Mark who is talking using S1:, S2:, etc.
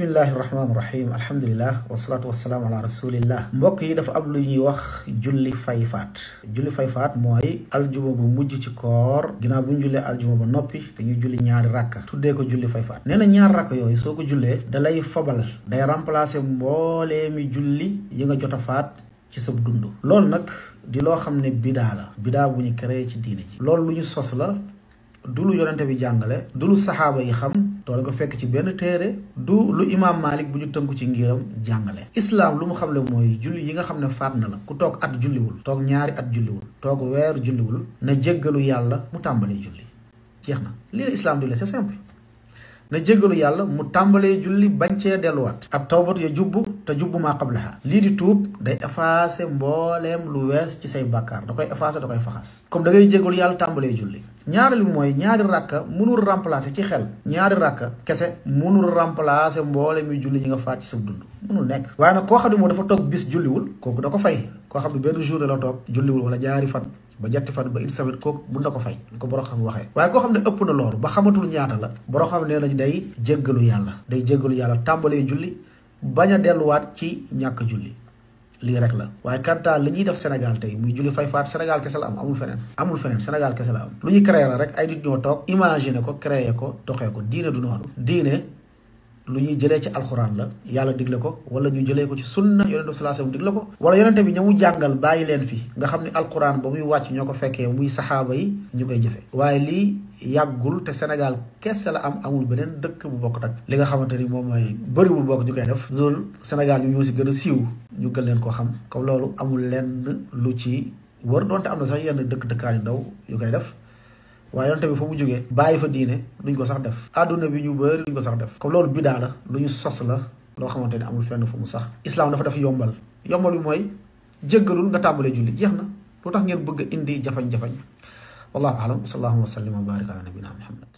S1: bismillahi rahmaani rahim alhamdulilah wasalaatu wasalaam ala rasulillah mbokk yi dafa am lu ñuy wax julli fayfaat julli fayfaat mooy aljuma bu mujj ci koor ginnaaw bu ñu jullee aljuma ba noppi dañuy julli ñaari rakka tuddee ko julli fayfaat nee na ñaari rakka yooyu soo ko jullee da lay fabal day remplacer mboolee mi julli yi nga jot a faat ci sab dund loolu nag di loo xam ne bidaa la bidaa bu ñu créé ci diine ji loolu lu ñu sos la du lu yonente bi jàngale du lu saxaaba yi xam doo ko fekk ci benn téere du lu imaam Malik bu ñu tënku ci ngiram jàngale islaam lu mu xam le mooy julli yi nga xam ne faat na la ku toog at julliwul toog ñaari at julliwul toog weer julliwul na jéggalu yàlla mu tàmbalee julli jeex na lii la islaam di la yàlla mu tàmbalee julli bañ cee delluwaat ab tawbat ya jubb te jubb maa qablaha lii di tuub day effacer mbooleem lu wees ci say bàkkaar da koy effacer da koy faxas comme da ngay jéggalu yàlla tàmbalee julli ñaareel bi mooy ñaari ràkk mënul remplacer ci xel ñaari rakka kese mënul remplacer mboole mi julli ñi nga faat ci sa dund mënul nekk waaye nag koo xam ne moom dafa toog bis julliwul kooku da ko fay koo xam ne benn journée la toog julliwul wala ñaari fan ba ñetti fan ba une semaine kooku mun na ko fay ko borom xam waxee waaye koo xam ne ëpp na loolu ba xamatul ñaata la borom xam nee nañ day jéggalu yàlla day jéggalu yàlla tàmbalee julli bañ a delluwaat ci ñàkk julli lii rek la waaye kanta li ñuy def Sénégal tey muy julli fay faat Sénégal kese la am amul feneen amul feneen Sénégal kese la am lu ñu créé la rek ay nit ñoo toog imaginer ko créer ko doxee ko diine du noonu diine lu ñuy jëlee ci alxuraan la yàlla digle ko wala ñu jëlee ko ci sunna yonent bi sallallahu alayhi wasallam digle ko wala yonente bi ñamu jàngal bàyyi leen fi nga xam ne alxuraan ba muy wàcc ñoo ko fekkee muy saxaaba yi ñu koy jëfe waaye lii yàggul te Sénégal kese la am amul beneen dëkk bu bokk nag li nga xamante ni moom mooy bariwul bokk ñu koy def loolu Sénégal ñu ñoo si gën a siiw ñu gën leen koo xam comme loolu amul lenn lu ci wër doonte am na sax yenn dëkk dëkkaan yu ndaw yu koy def waaye yonent bi fa mu jógee bàyyi fa diine duñ ko sax def àdduna bi ñu bëri duñ ko sax def ko loolu bidaa la lu ñu sos la loo xamante ne amul fenn fu mu sax islaam dafa def yombal yombal bi mooy jéggalul nga tàmbalee julli jeex na lu tax ngeen bëgg a indi jafañ-jafañ wallahu alam sallallahu wa sallam wa baraka ala nabina muhammad